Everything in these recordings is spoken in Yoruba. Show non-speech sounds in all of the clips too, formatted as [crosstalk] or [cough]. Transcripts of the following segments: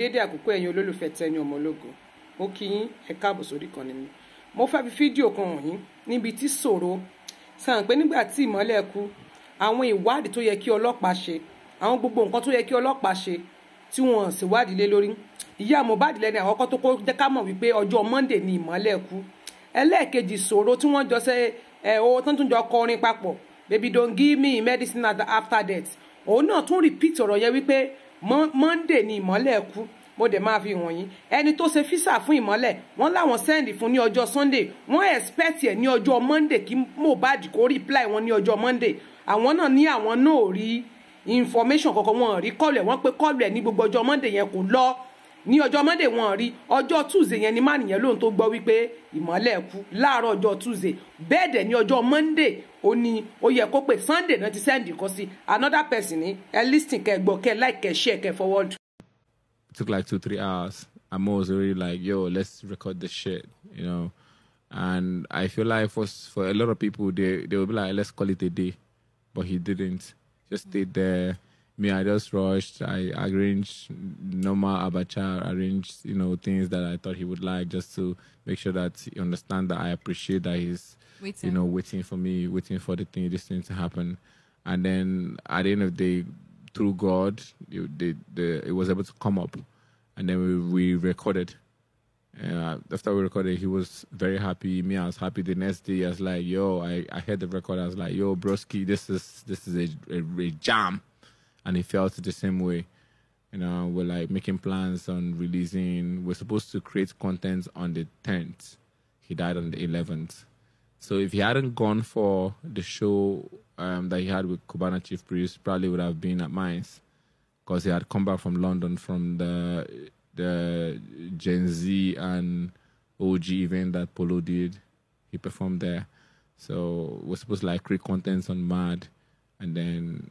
dédé àkókò ẹ̀yin olólùfẹ́ tẹni ọmọlógo mo kí yín ẹ káàbọ̀ sórí kan nínú mo fẹ́ fi fídíò kan hàn yín níbi tí ṣòro sàn pé nígbà tí ìmọ́lẹ̀ kú àwọn ìwádìí tó yẹ kí ọlọ́pàá ṣe àwọn gbogbo nǹkan tó yẹ kí ọlọ́pàá ṣe tí wọ́n ṣèwádìí lé lórí ìyá Mohbad lẹ́ni àwọn kan tó kó ká mọ̀ wípé ọjọ́ Monday ni ìmọ́lẹ̀ kú ẹlẹ́ẹ̀kejì ṣòro tí wọ́n jọ ṣe o tó ń tún jọ kọrin papọ̀ baby don't give me medicine after death òun náà tún repeat ọ̀rọ̀ yẹn wípé monday ni ìmọ́lẹ̀ kú mo dẹ̀ máa fi wọ̀nyí ẹni tó ṣe físà fún ìmọ́lẹ̀ wọ́n láwọn sẹ́ndì fún ní ọjọ́ sunday wọ́n expect ẹ̀ ní ọjọ́ monday kí mohbad kó reply wọn ní ọjọ́ monday àwọn náà ní àwọn náà rí information kankan wọn rí kọ́ọ̀lù ẹ̀ wọ́n pé kọ́ọ̀lù ẹ̀ ní gbogbo ọjọ́ monday yẹn kò lọ́ọ́ ní ọjọ́ monday wọn rí ọjọ́ tuesday yẹn ni mánìyàn lóhun tó gbọ́ wípé ìmọ́lẹ̀ kú láàárọ̀ ọjọ́ tuesday bẹ́ẹ̀ dẹ̀ ní ọjọ́ monday ó ní ó ojo tuesday bee ni ojo monday o pé sunday náà ti sẹ́ǹdì kan sí another person ní ẹ listing kẹ gbọ́ kẹ like kẹ share kẹ forward. took like two three hours Amo was really like yo let's record this shit you know and I feel like for for a lot of people they they would be like let's call it a day but he didn't just stayed there me, I just rushed. I arranged normal abacha, arranged, you know, things that I thought he would like just to make sure that he understand that I appreciate that he's, waiting. you know, waiting for me, waiting for the thing, this thing to happen. And then at the end of the day, through God, it, the, the, it was able to come up. And then we, we recorded. Uh, after we recorded, he was very happy. Me, I was happy. The next day, I was like, "Yo, I, I heard the record. I was like, Yo, broski, this is this is a, a, a jam." and he felt the same way. You know, we're like making plans on releasing. We're supposed to create content on the 10th. He died on the 11th. So if he hadn't gone for the show um, that he had with Cubana Chief Priest, probably would have been at Mines, because he had come back from London from the the Gen Z and OG event that Polo did. He performed there. So we're supposed to like create contents on Mad and then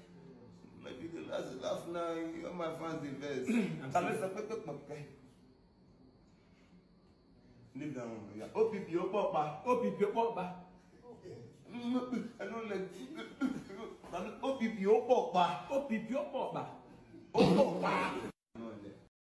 maybe the last laugh now, all my fans the [clears throat] I'm Tàbí sọ pé pẹ̀pẹ̀pẹ̀. Leave that one. Yeah. OPP ó pọ̀ pa. OPP ó pọ̀ pa. Ẹnu lẹ̀ OPP Oh pọ̀ oh papa. Oh pọ̀ oh papa. Oh papa.